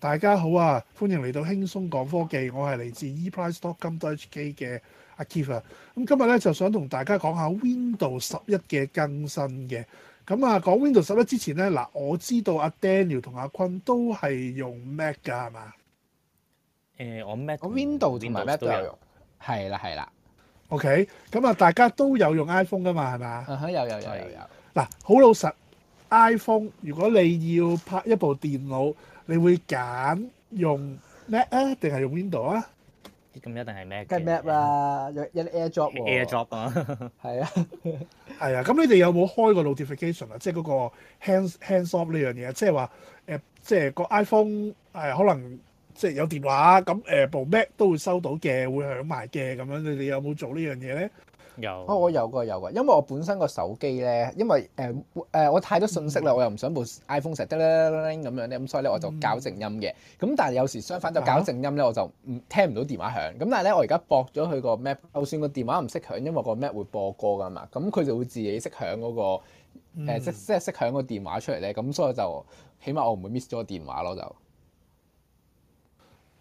大家好啊，歡迎嚟到輕鬆講科技，我係嚟自 ePrice.com.hk 嘅阿 Kifa，咁今日咧就想同大家講下 Windows 十一嘅更新嘅，咁啊講 Windows 十一之前咧，嗱我知道阿 Daniel 同阿坤都係用 Mac 噶係嘛？誒、呃，我 Mac，我 Windows 同 Mac 都有用，係啦係啦。OK，咁啊，大家都有用 iPhone 噶嘛，係咪？啊哈，有有有有有。嗱，好老實，iPhone 如果你要拍一部電腦，你會揀用 Mac 啊，定係用 Window 啊？咁一定係 Mac。梗係 Mac 啦，有有 AirDrop 啊。AirDrop 啊。係啊。係啊，咁你哋有冇開過 Notification 啊？即係嗰個 Hands Hands Off 呢樣嘢，即係話誒，即係個 iPhone 誒可能。即係有電話咁誒部 Mac 都會收到嘅，會響埋嘅咁樣。你哋有冇做呢樣嘢咧？有啊、哦，我有個有個，因為我本身個手機咧，因為誒誒、呃呃、我太多信息啦，我又唔想部 iPhone 成日叮叮叮咁樣咧，咁所以咧我就搞靜音嘅。咁但係有時相反就搞靜音咧，啊、我就唔聽唔到電話響。咁但係咧，我而家駁咗佢個 Mac，就算個電話唔識響，因為個 Mac 會播歌噶嘛，咁、嗯、佢、嗯、就會自己識響嗰、那個、呃、即即係識響個電話出嚟咧。咁所以就起碼我唔會 miss 咗個電話咯，就。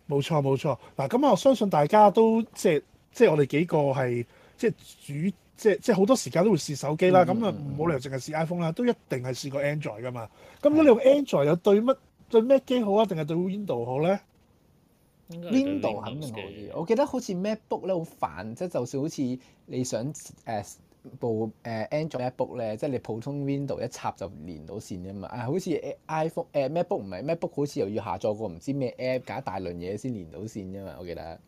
冇錯冇錯，嗱咁我相信大家都即係即係我哋幾個係即係主即係即係好多時間都會試手機啦，咁啊冇理由淨係試 iPhone 啦，都一定係試過 Android 噶嘛。咁如果你用 Android 又對乜對咩機好啊？定係對，Windows 好呢對 Windows Windows 好咧？Windows 肯定好啲。我記得好似 MacBook 咧、就是、好煩，即係就算好似你想誒。呃部誒 Android MacBook 咧，即係你普通 Window 一插就連到線啫嘛。啊，好似 iPhone 誒、呃、MacBook 唔係 MacBook，好似又要下載過唔知咩 App 搞大輪嘢先連到線啫嘛。我記得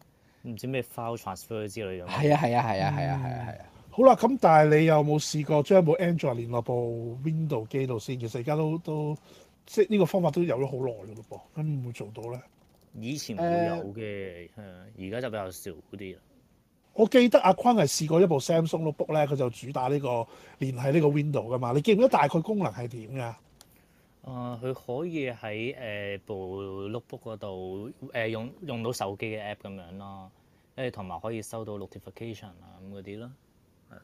唔知咩 File Transfer 之類咁。係啊係啊係啊係啊係啊係啊。好啦，咁但係你有冇試過將有冇一部 Android 連落部 Window 機度先？其實而家都都即係呢個方法都有咗好耐嘅咯噃。咁會唔會做到咧？以前會有嘅，而家、呃、就比較少啲。我記得阿坤係試過一部 Samsung notebook 咧，佢就主打呢、呢個連係呢個 window 噶嘛。你記唔記得大概功能係點噶？啊！佢、呃、可以喺誒、呃、部 notebook 嗰度誒用用到手機嘅 app 咁樣咯，跟住同埋可以收到 notification 啊咁嗰啲咯。係啦，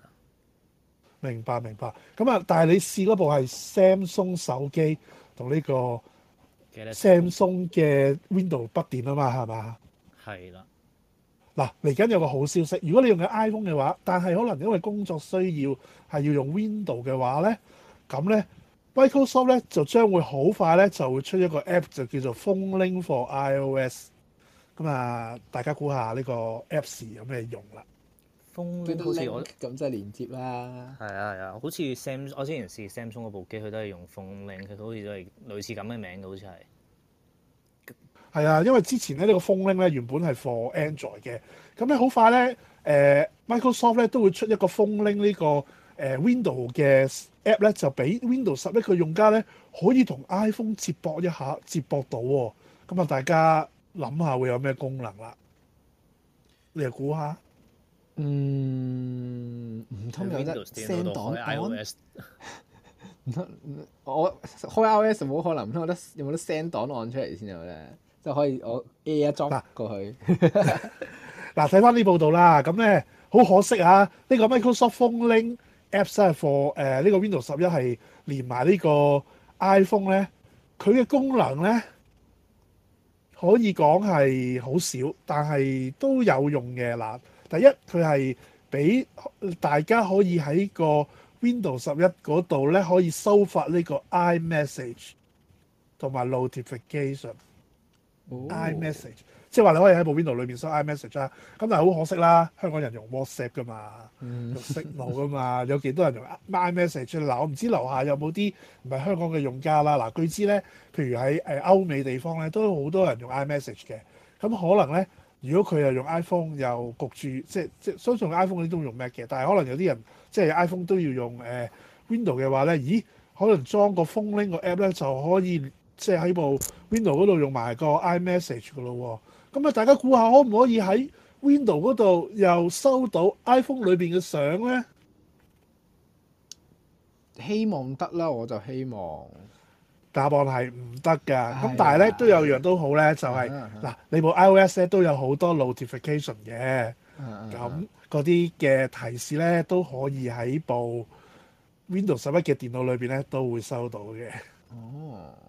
明白明白。咁啊，但係你試嗰部係 Samsung 手機同呢個 Samsung 嘅 Windows 筆電啊嘛，係嘛？係啦。嗱，嚟緊有個好消息，如果你用緊 iPhone 嘅話，但係可能因為工作需要係要用 Window 嘅話咧，咁咧 Microsoft 咧就將會好快咧就會出一個 app 就叫做 Phone Link for iOS。咁啊，大家估下呢個 app 是有咩用啦 Phone Link 好似我咁即係連接啦。係啊係啊，好似 Samsung，我之前試 Samsung 部機，佢都係用 Phone Link，佢好似都係類似咁嘅名嘅，好似係。係啊，因為之前咧呢個 Phone Link 咧原本係 for Android 嘅，咁咧好快咧，誒、欸、Microsoft 咧都會出一個 Phone Link 呢個誒、欸、Windows 嘅 app 咧，就俾 Windows 十一嘅用家咧可以同 iPhone 接駁一下，接駁到喎。咁啊，大家諗下會有咩功能啦？你又估下？嗯，唔通有得 send on，I 檔案？唔 通 ？我開 iOS 冇可能，唔通有得有冇得 send 檔案出嚟先有咧？就可以我 a、IR、一裝嗱，過去嗱，睇返呢報道啦，咁咧好可惜啊！呢、這個 Microsoft Phone Link App 咧 for 誒、呃這個、呢個 Windows 十一係連埋呢個 iPhone 咧，佢嘅功能咧可以講係好少，但係都有用嘅嗱。第一，佢係俾大家可以喺個 Windows 十一嗰度咧，可以收發呢個 iMessage 同埋 notification。Oh. iMessage，即係話你可以喺部 Windows 裏邊收 iMessage 啦。咁但係好可惜啦，香港人用 WhatsApp 噶嘛，mm. 用 Signal 噶嘛，有幾多人用 iMessage？嗱，我唔知樓下有冇啲唔係香港嘅用家啦。嗱，據知咧，譬如喺誒歐美地方咧，都好多人用 iMessage 嘅。咁可能咧，如果佢又用 iPhone 又焗住，即係即係，通常用 iPhone 嗰啲都用 Mac 嘅，但係可能有啲人即係 iPhone 都要用誒、呃、Windows 嘅話咧，咦？可能裝個 Phone Link 個 App 咧就可以。即係喺部 Window 嗰度用埋個 iMessage 嘅咯喎，咁啊大家估下可唔可以喺 Window 嗰度又收到 iPhone 裏邊嘅相呢？希望得啦，我就希望答案係唔得嘅。咁、哎、呀但係咧、哎、呀都有樣都好咧，就係、是、嗱、啊啊，你部 iOS 咧都有好多 notification 嘅，咁嗰啲嘅提示咧都可以喺部 Window 十一嘅電腦裏邊咧都會收到嘅。哦、啊。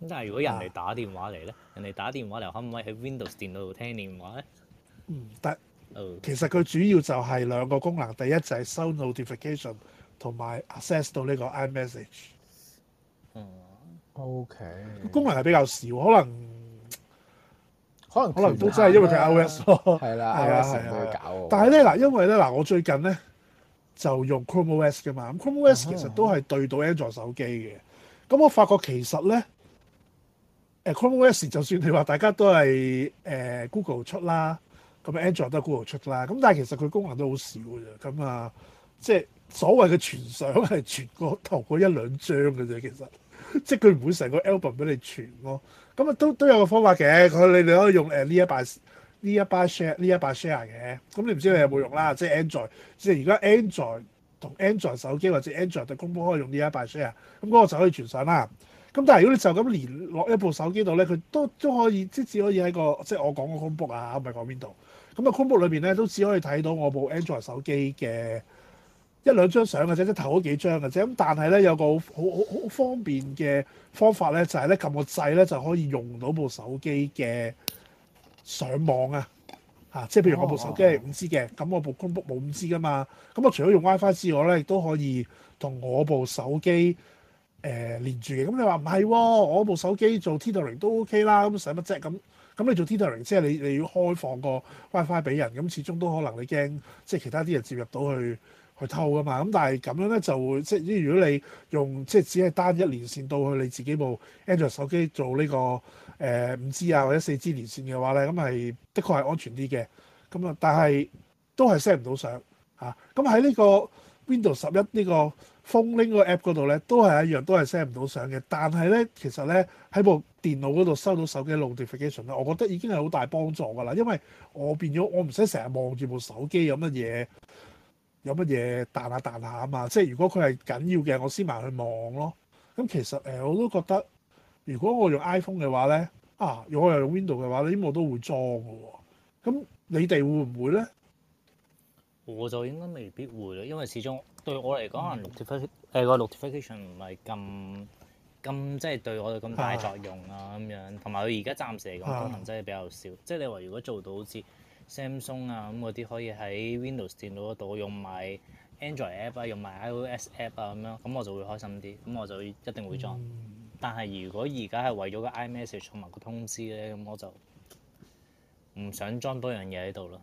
咁但係如果人哋打電話嚟咧，人哋打電話嚟可唔可以喺 Windows 電腦度聽電話咧？唔得。其實佢主要就係兩個功能，第一就係收 notification，同埋 access 到呢個 iMessage。OK。功能係比較少，可能可能可能都真係因為佢 iOS 咯。係啦，係啊，成日去搞。但係咧嗱，因為咧嗱，我最近咧就用 Chrome OS 嘅嘛。咁 Chrome OS 其實都係對到 Android 手機嘅。咁我發覺其實咧～誒 Chrome OS 就算你話大家都係誒 Google 出啦，咁 Android 都係 Google 出啦，咁但係其實佢功能都好少嘅啫，咁啊，即係所謂嘅傳相係傳個頭嗰一兩張嘅啫，其實即係佢唔會成個 album 俾你傳咯。咁啊，都都有個方法嘅，佢你哋可以用誒呢一版呢一版 share 呢一版 share 嘅。咁你唔知你有冇用啦，即係 Android，即係而家 Android 同 Android 手機或者 Android 嘅公佈可以用呢一版 share，咁嗰個就可以傳相啦。咁但係如果你就咁連落一部手機度咧，佢都都可以，即係只可以喺個即係我講個 Chromebook 啊，唔係講邊度？咁啊，Chromebook 裏邊咧都只可以睇到我部 Android 手機嘅一兩張相嘅啫，即係頭嗰幾張嘅啫。咁但係咧有個好好好方便嘅方法咧，就係咧撳個掣咧就可以用到部手機嘅上網啊，嚇、啊！即係譬如我部手機係五 G 嘅，咁、哦、我部 Chromebook 冇五 G 噶嘛，咁我除咗用 WiFi 之外咧，亦都可以同我部手機。誒、欸、連住嘅，咁，你話唔係喎？我部手機做 Tethering 都 OK 啦，咁使乜啫？咁咁你做 Tethering 即係你你要開放個 WiFi 俾人，咁始終都可能你驚，即係其他啲人接入到去去偷㗎嘛。咁但係咁樣呢，就會即係，如果你用即係只係單一連線到去你自己部 Android 手機做呢個誒五 G 啊或者四 G 連線嘅話呢，咁係的確係安全啲嘅。咁啊，但係都係 set 唔到相吓。咁喺呢個，Windows 十一呢個 Phone Link 個 app 嗰度咧，都係一樣，都係 send 唔到相嘅。但係咧，其實咧喺部電腦嗰度收到手機嘅 notification，我覺得已經係好大幫助㗎啦。因為我變咗，我唔使成日望住部手機有乜嘢，有乜嘢彈下彈下啊嘛。即係如果佢係緊要嘅，我先埋去望咯。咁其實誒，我都覺得如果我用 iPhone 嘅話咧，啊，如果我用 Windows 嘅話咧，咁我都會裝嘅喎。咁你哋會唔會咧？我就應該未必會咯，因為始終對我嚟講，可、mm. 嗯、能 notification 誒個 notification 唔係咁咁即係對我哋咁大，大作用啊咁樣。同埋佢而家暫時嚟講功能真係比較少。即係你話如果做到好似 Samsung 啊咁嗰啲，可以喺 Windows 電腦嗰度用埋 Android app 啊，用埋 iOS app 啊咁樣，咁我就會開心啲。咁我就一定會裝。Mm. 但係如果而家係為咗個 iMessage 同埋個通知咧，咁我就唔想裝多樣嘢喺度咯。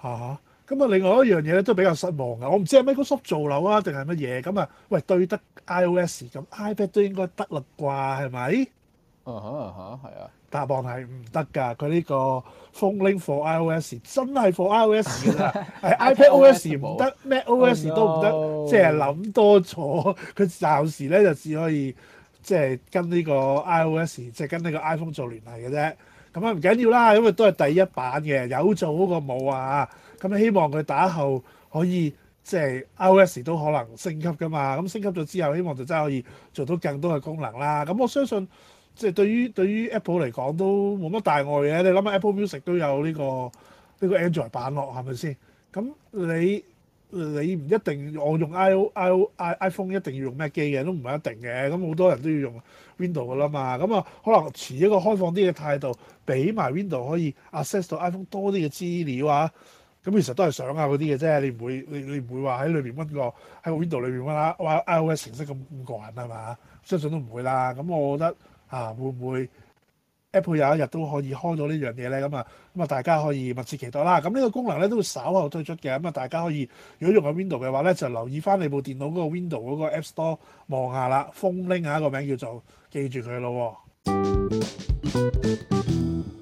嚇！Yeah. 咁啊，另外一樣嘢咧都比較失望啊！我唔知係 Microsoft 做樓啊定係乜嘢咁啊？喂，對得 iOS 咁 iPad 都應該得啦啩？係咪？啊吓、uh，嚇係啊！Huh, 答案係唔得㗎。佢呢、uh huh, uh huh. 個 Phone Link for iOS 真係 for iOS 㗎、 哎、iPad OS 唔得，Mac OS 都唔得。Uh huh. 即係諗多咗，佢暫時咧就只可以即係跟呢個 iOS，即係跟呢個 iPhone 做聯繫嘅啫。咁啊唔緊要啦，因為都係第一版嘅，有做嗰個冇啊。咁希望佢打後可以即係 iOS 都可能升級㗎嘛？咁升級咗之後，希望就真係可以做到更多嘅功能啦。咁我相信即係對於對於 Apple 嚟講都冇乜大礙嘅。你諗下，Apple Music 都有、這個這個、是是呢個呢個 Android 版咯，係咪先？咁你你唔一定我用 iO iO iPhone 一定要用 Mac 機嘅，都唔係一定嘅。咁好多人都要用 Window 㗎喇嘛。咁啊，可能持一個開放啲嘅態度，俾埋 Window 可以 access 到 iPhone 多啲嘅資料啊。咁其實都係相下嗰啲嘅啫，你唔會你你唔會話喺裏邊揾個喺個 Window 裏邊揾啦，話 iOS 程式咁咁個人係嘛？相信都唔會啦。咁、嗯、我覺得啊，會唔會 Apple 有一日都可以開到呢樣嘢咧？咁啊咁啊，大家可以密切期待啦。咁、嗯、呢、這個功能咧都會稍後推出嘅。咁、嗯、啊，大家可以如果用緊 Window 嘅話咧，就留意翻你部電腦嗰個 Window 嗰個 App Store 望下啦，封拎下一個名叫做記住佢咯喎。